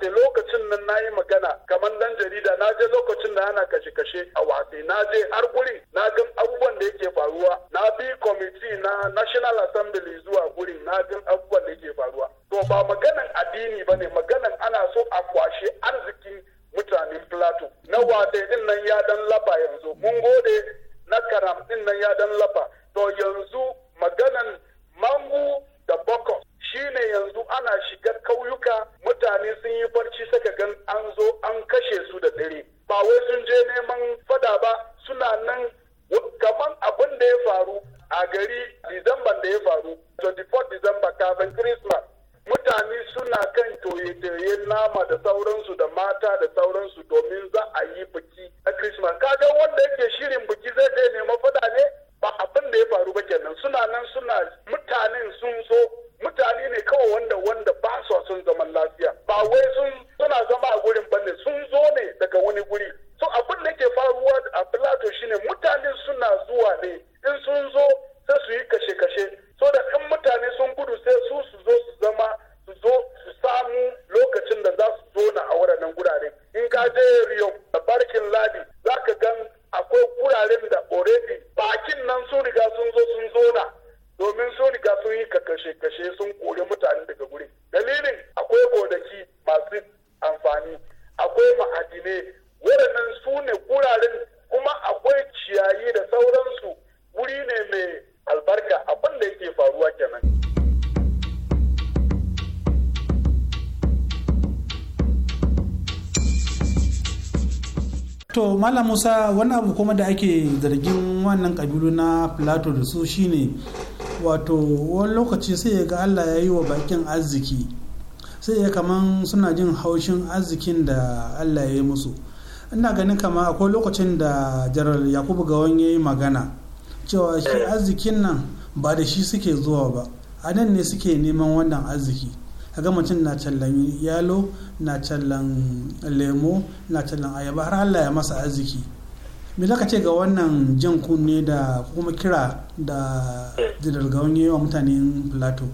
watse lokacin nan na yi magana kamar dan jarida na je lokacin da ana kashe-kashe a watse na je har guri na gan abubuwan da yake faruwa na bi kwamiti na national assembly zuwa malam musa wani abu kuma da ake zargin wannan kabilu na plato da su shine wato wani lokaci sai ya ga allah ya yi wa bakin arziki sai ya kaman suna jin haushin arzikin da allah ya yi musu ina ganin kama akwai lokacin da jarar yakubu gawon ya yi magana cewa shi eh. arzikin nan ba da shi suke zuwa ba a nan ne suke neman wannan arziki kaga mutum na tallan yalo na lemo na ayaba har allah ya masa arziki me zaka ce ga wannan jan kunne da kuma kira da jidar yawa mutanen plato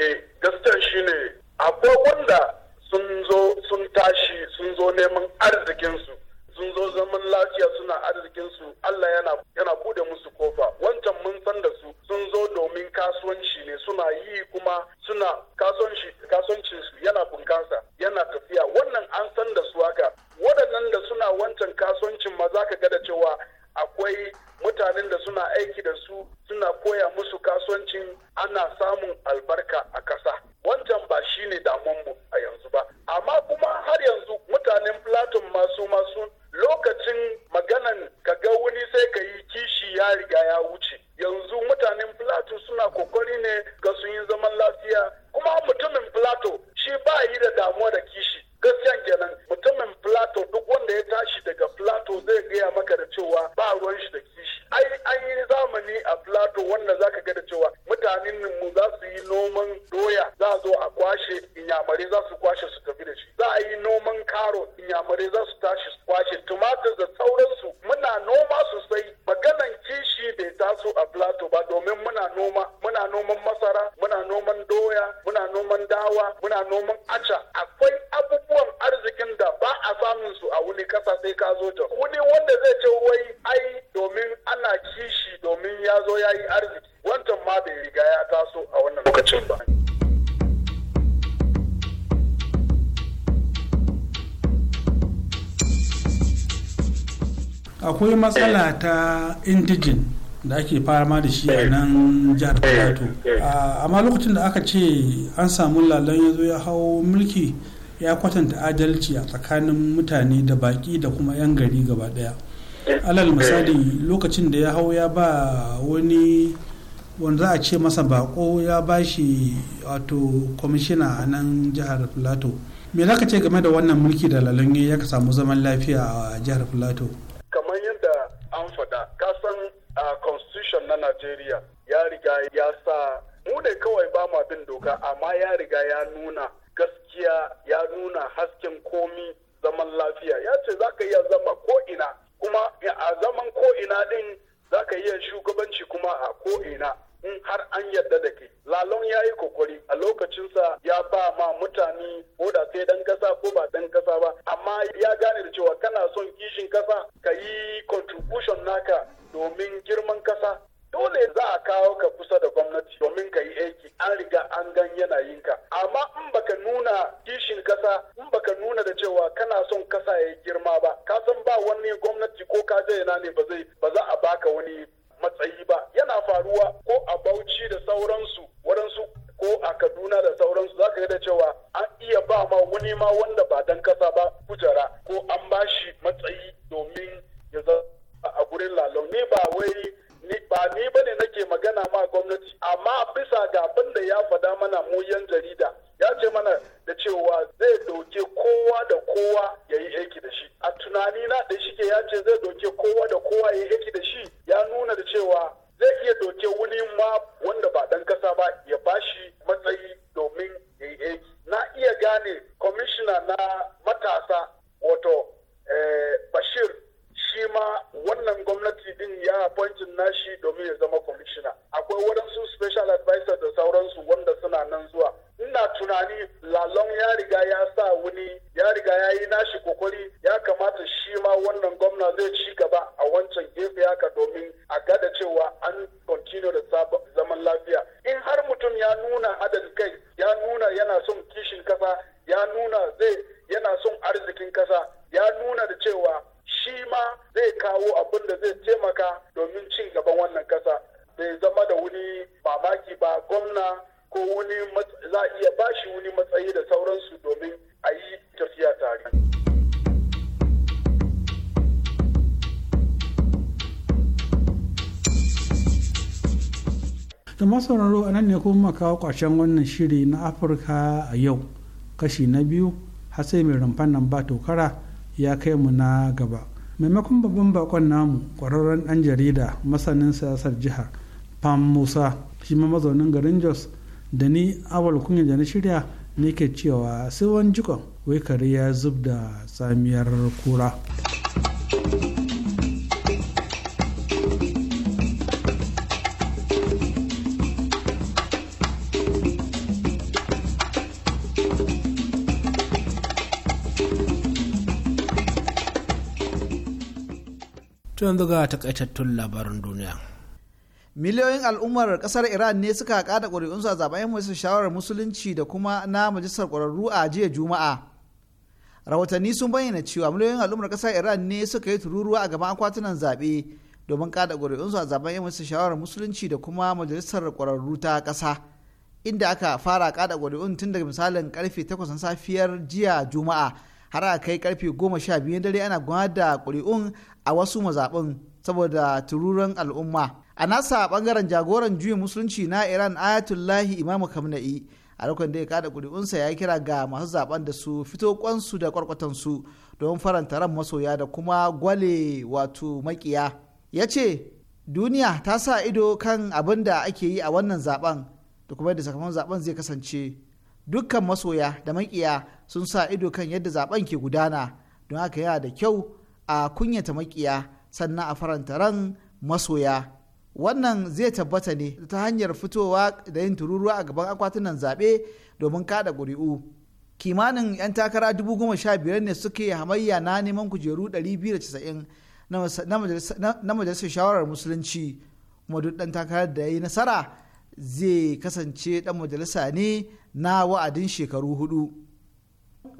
eh gaskiya shine akwai wanda sun zo sun tashi sun zo neman arzikinsu sun zo zaman lafiya suna arzikin su Allah yana yana bude musu kofa wancan mun san da su sun zo domin kasuwanci ne suna yi kuma suna kasuwanci kasuwancin su yana bunkansa yana tafiya wannan an san da su haka waɗannan da suna wancan kasuwancin ma za ka ga da cewa akwai mutanen da suna aiki da su suna koya musu kasuwancin ana samun albarka a ƙasa wancan ba shine ne damuwanmu a yanzu ba amma kuma har yanzu mutanen platon masu masu lokacin maganan ka ga wani sai ka yi kishi ya riga ya wuce yanzu mutanen plateau suna kokari ne ga sun yi zaman lafiya kuma mutumin plato shi ba yi da damuwa da kishi gaskiyan kenan mutumin plato duk wanda ya tashi daga plato zai gaya maka da cewa ba ruwan shi da kishi ai an yi zamani a plato wanda zaka ga da cewa mutanen mu za su yi noman doya za a zo a kwashe inyamare za su kwashe su tafi da shi za a yi noman karo inyamare za su tashi su kwashe tumatir da sauransu muna noma sosai maganan kishi bai taso a plato ba domin muna noma muna noman masara muna noman doya fulawa muna noman aca akwai abubuwan arzikin da ba a samun su a wuni kasa sai ka zo ta wuni wanda zai ce wai ai domin ana kishi domin ya zo ya yi arziki wancan ma bai riga ya taso a wannan lokacin ba akwai matsala eh. ta indijin da ake fama da shi a nan jihar eh. plateau eh. amma lokacin da aka ce an samu lalan ya zo ya hau mulki ya kwatanta adalci a tsakanin mutane da baki da kuma 'yan gari gaba daya alal misali lokacin da ya hau ya ba wani wanda za a ce masa bako ya ba shi wato kwamishina a nan jihar plateau me za ka ce game da wannan mulki da lalange ya ka samu zaman lafiya a jihar plateau doka amma ya riga ya nuna ni ba wai ba ni bane nake magana ma gwamnati amma bisa ga abin da ya faɗa mana mu yan jarida kawo kwashen wannan shiri na afirka a yau kashi na biyu har sai mai rumfan nan ba tokara ya kai mu na gaba maimakon babban bakon namu kwararren ɗan jarida masanin siyasar jihar pam musa shi ma mazaunin garin jos da ni awal kunya da na shirya ne ke cewa sai wani jikon wai kare ya zub da samiyar kura. to yanzu ga takaitattun labarin duniya miliyoyin al'ummar kasar iran ne suka kada ƙuri'unsu a zaben majalisar shawarar musulunci da kuma na majalisar ƙwararru a jiya juma'a rahotanni sun bayyana cewa miliyoyin al'ummar kasar iran ne suka yi tururuwa a gaban akwatunan zaɓe domin kada ƙuri'unsu a zaben yan majalisar shawarar musulunci da kuma majalisar ƙwararru ta ƙasa inda aka fara kada ƙuri'un tun daga misalin karfe 8 na safiyar jiya juma'a har a kai karfe 12 dare ana gwada ƙuri'un a wasu mazaɓin saboda tururan al'umma a nasa ɓangaren jagoran juyin musulunci na iran ayatullahi imamu kamna'i a lokacin da ya kada ƙuri'unsa ya kira ga masu zaben da su fito kwansu da kwarkwatansu don faranta ran masoya da kuma gwale wato makiya ya ce duniya ta sa ido kan abin da ake yi a wannan zaben da kuma yadda sakamakon zaben zai kasance dukkan masoya da makiya sun sa ido kan yadda zaɓen ke gudana don haka yana da kyau a kunyata makiya sannan a faranta ran masoya wannan zai tabbata ne ta hanyar fitowa da yin tururuwa a gaban akwatunan zaɓe domin kada ƙuri'u kimanin 'yan takara dubu biyar ne suke hamayya na neman kujeru 290 na majalisar shawarar musulunci madu takarar da ya yi nasara zai kasance dan majalisa ne na wa'adin shekaru hudu.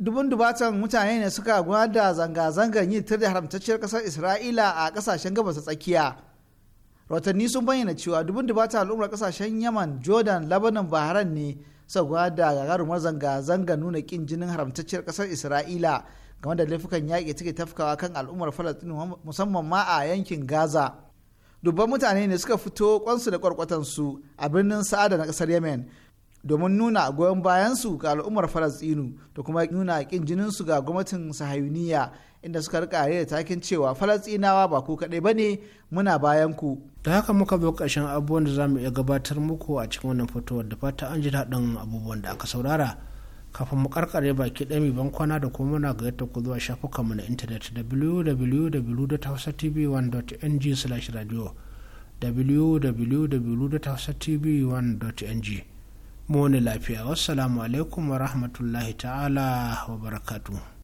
dubun dubatan mutane ne suka gudanar zanga-zangar yin tir da haramtacciyar kasar isra'ila a kasashen gabas ta tsakiya rahotanni sun bayyana cewa dubun dubatan al'ummar kasashen yaman jordan labanan bahrain ne suka gudanar da gagarumar zanga-zangar nuna kin jinin haramtacciyar kasar isra'ila game da laifukan yaƙi take tafkawa kan al'ummar falastin musamman ma a yankin gaza dubban mutane ne suka fito kwansu da kwarkwatansu a birnin sa'ada na kasar yemen domin nuna goyon bayansu ga al'ummar falastinu da kuma nuna kin jininsu ga gwamnatin sahayuniya inda suka rika da takin cewa falastinawa ba ku kaɗai ba ne muna bayan ku da haka muka zo ƙarshen abubuwan da za mu iya gabatar muku a cikin wannan fitowar da fata an ji daɗin abubuwan da aka saurara kafin mu karkare baki ɗaya mai bankwana da kuma muna ga yadda ku zuwa shafukanmu na intanet www.hausatv1.ng/radio www.hausatv1.ng mu lafiya wassalamu alaikum wa rahmatullahi ta'ala wa barakatu.